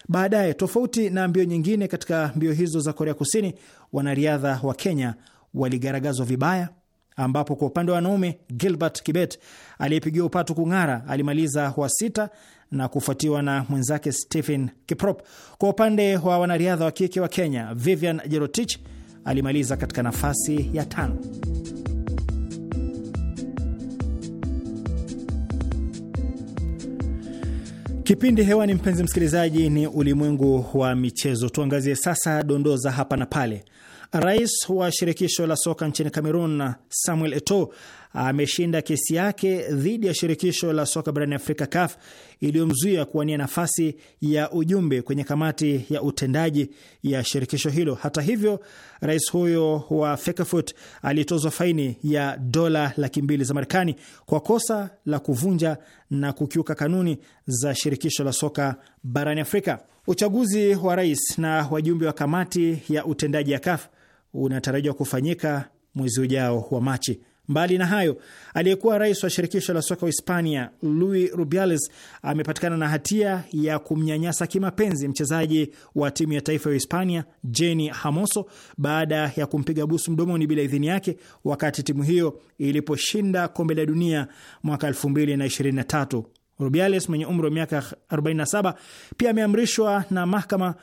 baadaye. Tofauti na mbio nyingine katika mbio hizo za Korea Kusini, wanariadha wa Kenya waligaragazwa vibaya, ambapo kwa upande wa wanaume Gilbert Kibet aliyepigiwa upatu kung'ara alimaliza wa sita na kufuatiwa na mwenzake Stephen Kiprop. Kwa upande wa wanariadha wa kike wa Kenya, Vivian Jerotich alimaliza katika nafasi ya tano. Kipindi hewani, mpenzi msikilizaji, ni ulimwengu wa michezo. Tuangazie sasa dondoo za hapa na pale. Rais wa shirikisho la soka nchini Cameroon Samuel Eto'o ameshinda kesi yake dhidi ya shirikisho la soka barani Afrika, CAF, iliyomzuia kuwania nafasi ya ujumbe kwenye kamati ya utendaji ya shirikisho hilo. Hata hivyo, rais huyo wa Fecafoot alitozwa faini ya dola laki mbili za Marekani kwa kosa la kuvunja na kukiuka kanuni za shirikisho la soka barani Afrika. Uchaguzi wa rais na wajumbe wa kamati ya utendaji ya CAF unatarajiwa kufanyika mwezi ujao wa Machi. Mbali na hayo, aliyekuwa rais wa shirikisho la soka Hispania Luis Rubiales amepatikana na hatia ya kumnyanyasa kimapenzi mchezaji wa timu ya taifa ya Hispania jeni Hermoso baada ya kumpiga busu mdomoni bila idhini yake wakati timu hiyo iliposhinda kombe la dunia mwaka 2023. Rubiales mwenye umri wa miaka 47 pia ameamrishwa na mahakama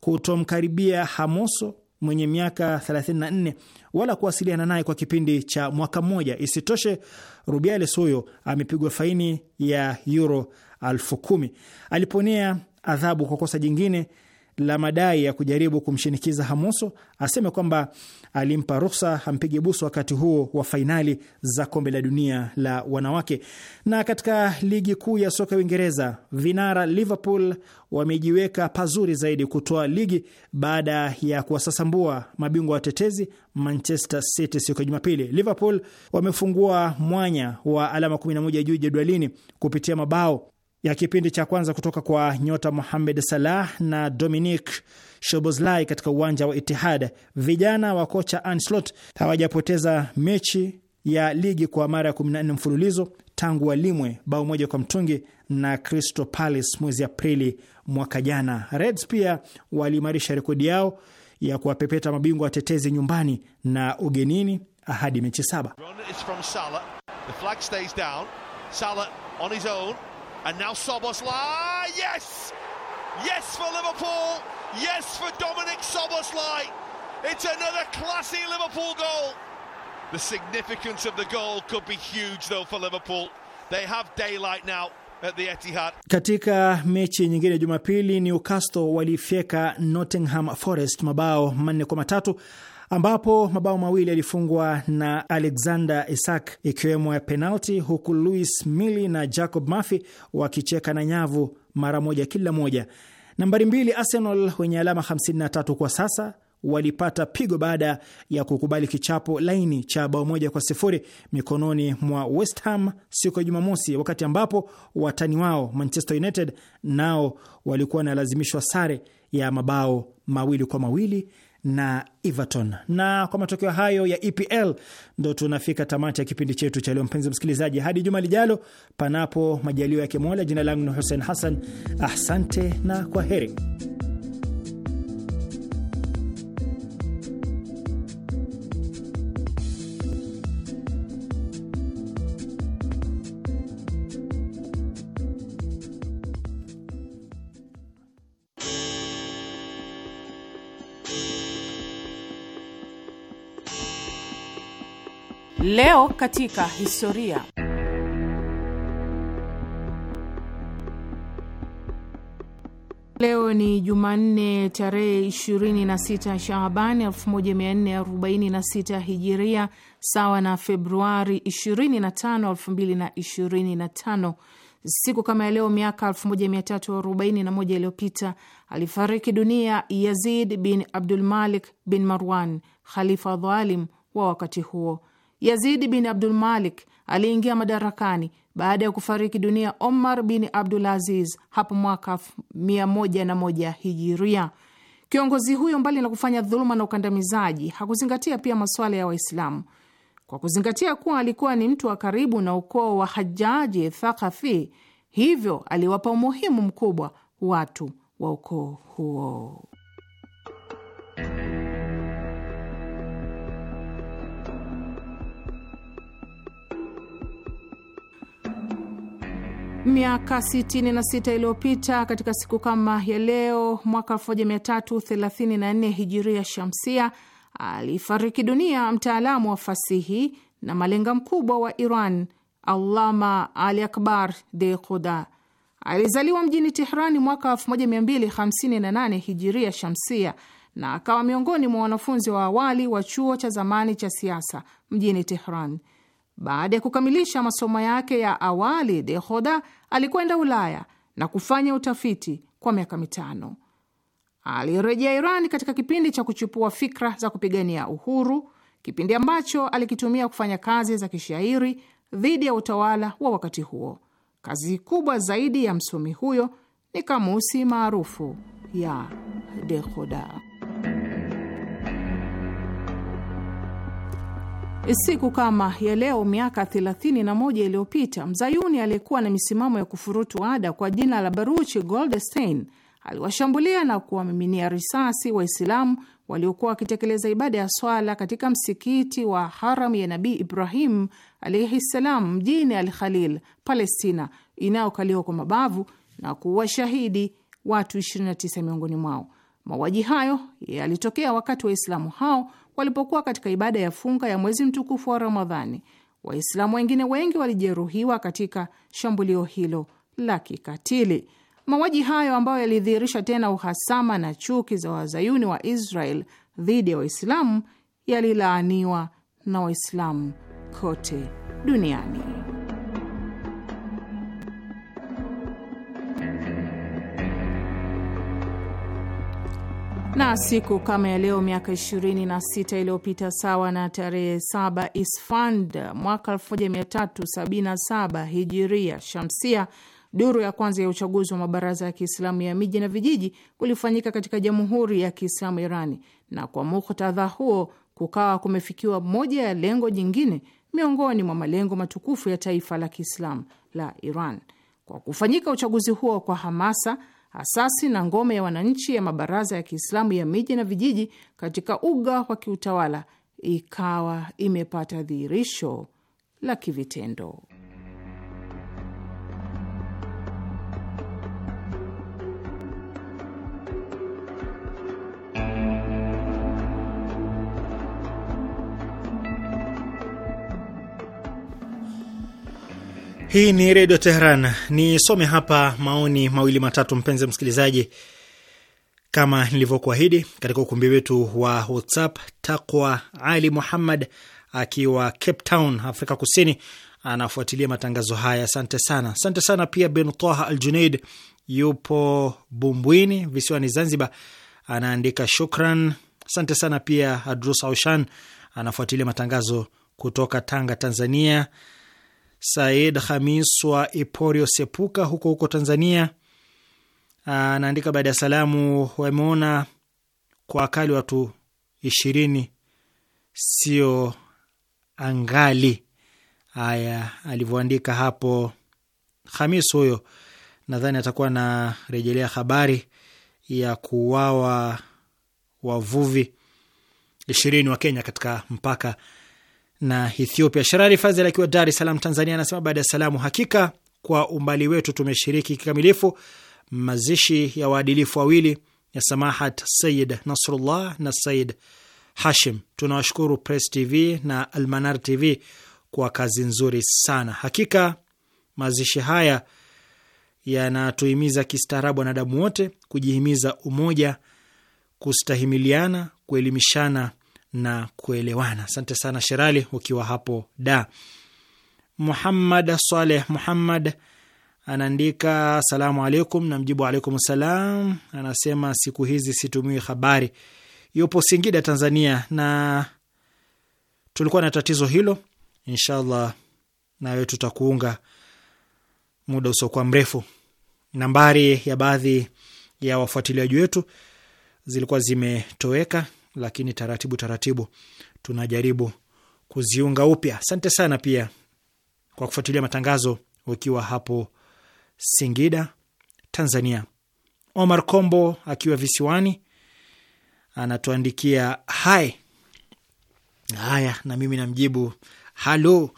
kutomkaribia hamoso mwenye miaka 34 wala kuwasiliana naye kwa kipindi cha mwaka mmoja. Isitoshe, Rubiales huyo amepigwa faini ya euro elfu kumi. Aliponea adhabu kwa kosa jingine la madai ya kujaribu kumshinikiza Hamoso aseme kwamba alimpa ruhusa ampige busu wakati huo wa fainali za kombe la dunia la wanawake. Na katika ligi kuu ya soka ya Uingereza, vinara Liverpool wamejiweka pazuri zaidi kutoa ligi baada ya kuwasasambua mabingwa watetezi Manchester City siku ya Jumapili. Liverpool wamefungua mwanya wa alama 11 juu jedwalini kupitia mabao ya kipindi cha kwanza kutoka kwa nyota Mohamed Salah na Dominic Shobozlai katika uwanja wa Itihad. Vijana wa kocha Anslot hawajapoteza mechi ya ligi kwa mara ya 14 mfululizo tangu walimwe bao moja kwa mtungi na Crystal Palace mwezi Aprili mwaka jana. Reds pia waliimarisha rekodi yao ya kuwapepeta mabingwa watetezi nyumbani na ugenini hadi mechi saba. And now Soboslai. Yes! Yes for Liverpool. Yes for Dominic Soboslai. It's another classy Liverpool goal. The significance of the goal could be huge though for Liverpool. They have daylight now. At the Etihad. Katika mechi nyingine Jumapili, Newcastle walifyeka Nottingham Forest mabao manne kwa matatu ambapo mabao mawili yalifungwa na Alexander Isak ikiwemo ya penalti, huku Luis Mili na Jacob Murphy wakicheka na nyavu mara moja kila moja. Nambari mbili Arsenal wenye alama 53 kwa sasa walipata pigo baada ya kukubali kichapo laini cha bao moja kwa sifuri mikononi mwa West Ham siku ya Jumamosi, wakati ambapo watani wao Manchester United nao walikuwa wanalazimishwa sare ya mabao mawili kwa mawili na Everton. Na kwa matokeo hayo ya EPL ndo tunafika tamati ya kipindi chetu cha leo, mpenzi msikilizaji, hadi juma lijalo, panapo majalio yake Mola. Jina langu ni Hussein Hassan, asante na kwa heri. Leo katika historia. Leo ni Jumanne tarehe 26 Shaabani 1446 Hijiria, sawa na Februari 25, 2025. Siku kama ya leo miaka 1341 iliyopita alifariki dunia Yazid bin Abdul Malik bin Marwan, khalifa dhalim wa wakati huo. Yazidi bin Abdul Malik aliingia madarakani baada ya kufariki dunia Omar bin Abdul Aziz hapo mwaka 101 hijiria. Kiongozi huyo mbali na kufanya dhuluma na ukandamizaji, hakuzingatia pia masuala ya Waislamu. Kwa kuzingatia kuwa alikuwa ni mtu wa karibu na ukoo wa Hajaji Thakafi, hivyo aliwapa umuhimu mkubwa watu wa ukoo huo. Miaka 66 iliyopita katika siku kama ya leo mwaka 1334 hijiria shamsia alifariki dunia mtaalamu wa fasihi na malenga mkubwa wa Iran, Allama Ali Akbar Dehkhoda. Alizaliwa mjini Tehrani mwaka 1258 hijiria shamsia na akawa miongoni mwa wanafunzi wa awali wa chuo cha zamani cha siasa mjini Tehran. Baada ya kukamilisha masomo yake ya awali, Dehoda alikwenda Ulaya na kufanya utafiti kwa miaka mitano. Alirejea Iran katika kipindi cha kuchipua fikra za kupigania uhuru, kipindi ambacho alikitumia kufanya kazi za kishairi dhidi ya utawala wa wakati huo. Kazi kubwa zaidi ya msomi huyo ni kamusi maarufu ya Dehoda. Siku kama ya leo miaka 31 iliyopita mzayuni aliyekuwa na misimamo ya kufurutu ada kwa jina la Baruch Goldstein aliwashambulia na kuwamiminia risasi Waislamu waliokuwa wakitekeleza ibada ya swala katika msikiti wa haram ya Nabii Ibrahim alaihi ssalam mjini Al Khalil, Palestina inayokaliwa kwa mabavu na kuwashahidi watu 29 miongoni mwao. Mauaji hayo yalitokea wakati Waislamu hao walipokuwa katika ibada ya funga ya mwezi mtukufu wa Ramadhani. Waislamu wengine wengi walijeruhiwa katika shambulio hilo la kikatili. Mauaji hayo ambayo yalidhihirisha tena uhasama na chuki za wazayuni wa Israel dhidi ya Waislamu yalilaaniwa na Waislamu kote duniani. Na siku kama ya leo miaka 26 iliyopita, sawa na tarehe 7 Isfand mwaka 1377 hijiria shamsia, duru ya kwanza ya uchaguzi wa mabaraza ya Kiislamu ya miji na vijiji kulifanyika katika Jamhuri ya Kiislamu Irani, na kwa muktadha huo kukawa kumefikiwa moja ya lengo jingine miongoni mwa malengo matukufu ya taifa la Kiislamu la Iran. Kwa kufanyika uchaguzi huo kwa hamasa asasi na ngome ya wananchi ya mabaraza ya Kiislamu ya miji na vijiji katika uga wa kiutawala ikawa imepata dhihirisho la kivitendo. Hii ni Redio Tehran. Nisome hapa maoni mawili matatu, mpenzi msikilizaji. Kama nilivyokuahidi katika ukumbi wetu wa WhatsApp, Takwa Ali Muhammad akiwa Cape Town, Afrika Kusini, anafuatilia matangazo haya. Asante sana, asante sana. Pia Ben Taha Al Junaid yupo Bumbwini visiwani Zanzibar, anaandika shukran, asante sana. Pia Adrus Aushan anafuatilia matangazo kutoka Tanga, Tanzania. Said Hamis wa Iporio Sepuka huko huko Tanzania anaandika, baada ya salamu, wameona kwa akali watu ishirini sio angali. Haya, alivyoandika hapo Hamis huyo, nadhani atakuwa anarejelea habari ya kuuawa wavuvi ishirini wa Kenya katika mpaka na Ethiopia. Sherari Fazel akiwa Dar es Salaam, Tanzania, anasema baada ya salamu, hakika kwa umbali wetu tumeshiriki kikamilifu mazishi ya waadilifu wawili ya Samahat Sayid Nasrullah na Sayid Hashim. Tunawashukuru Press TV na Almanar TV kwa kazi nzuri sana. Hakika mazishi haya yanatuhimiza kistaarabu wanadamu wote kujihimiza umoja, kustahimiliana, kuelimishana na kuelewana. Asante sana Sherali, ukiwa hapo da. Muhammad Saleh Muhammad anaandika salamu alaikum, na mjibu alaikum salam. Anasema siku hizi situmii habari, yupo Singida Tanzania, na tulikuwa na tatizo hilo. Inshallah nawe tutakuunga muda usiokuwa mrefu. Nambari ya baadhi ya wafuatiliaji wetu zilikuwa zimetoweka, lakini taratibu taratibu tunajaribu kuziunga upya. Asante sana pia kwa kufuatilia matangazo ukiwa hapo Singida, Tanzania. Omar Kombo akiwa visiwani anatuandikia hai haya, na mimi namjibu halo.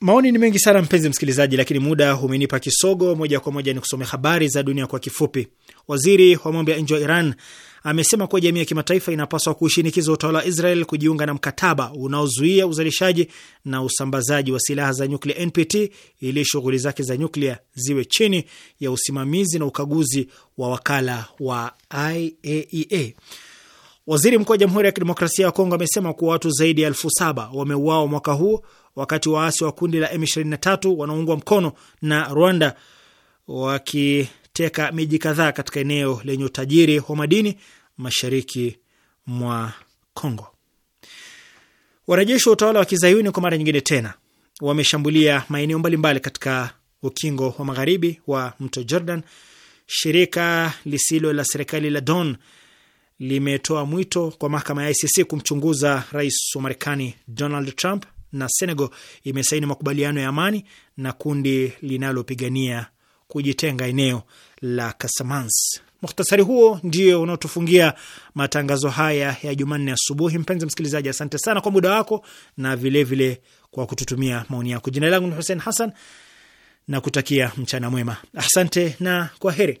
Maoni ni mengi sana mpenzi msikilizaji, lakini muda umenipa kisogo. Moja kwa moja ni kusomea habari za dunia kwa kifupi. Waziri wa mambo ya nje wa Iran amesema kuwa jamii ya kimataifa inapaswa kushinikiza utawala wa Israel kujiunga na mkataba unaozuia uzalishaji na usambazaji wa silaha za nyuklia NPT, ili shughuli zake za nyuklia ziwe chini ya usimamizi na ukaguzi wa wakala wa IAEA. E Waziri mkuu wa Jamhuri ya Kidemokrasia ya Kongo amesema kuwa watu zaidi ya elfu saba wameuawa mwaka huu wakati waasi wa kundi la M23 wanaoungwa mkono na Rwanda waki kuteka miji kadhaa katika eneo lenye utajiri wa madini mashariki mwa Kongo. Wanajeshi wa utawala wa kizayuni kwa mara nyingine tena wameshambulia maeneo mbalimbali katika ukingo wa magharibi wa mto Jordan. Shirika lisilo la serikali la Don limetoa mwito kwa mahakama ya ICC kumchunguza rais wa Marekani Donald Trump, na Senegal imesaini makubaliano ya amani na kundi linalopigania kujitenga eneo la Kasamans. Mukhtasari huo ndio unaotufungia matangazo haya ya Jumanne asubuhi. Mpenzi msikilizaji, asante sana kwa muda wako na vilevile vile kwa kututumia maoni yako. Jina langu ni Hussein Hassan na kutakia mchana mwema. Asante na kwa heri.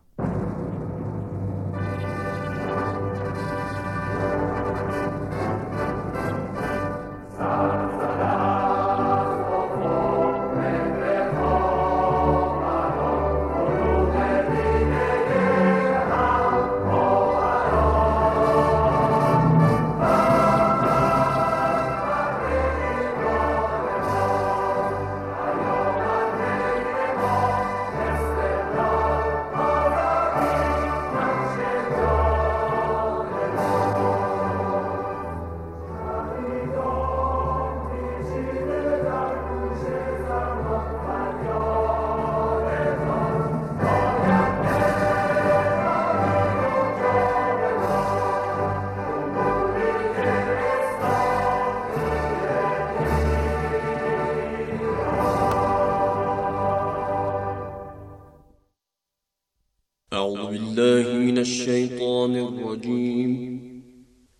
الشيطان الرجيم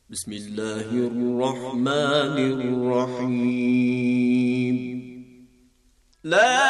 بسم الله الرحمن الرحيم لا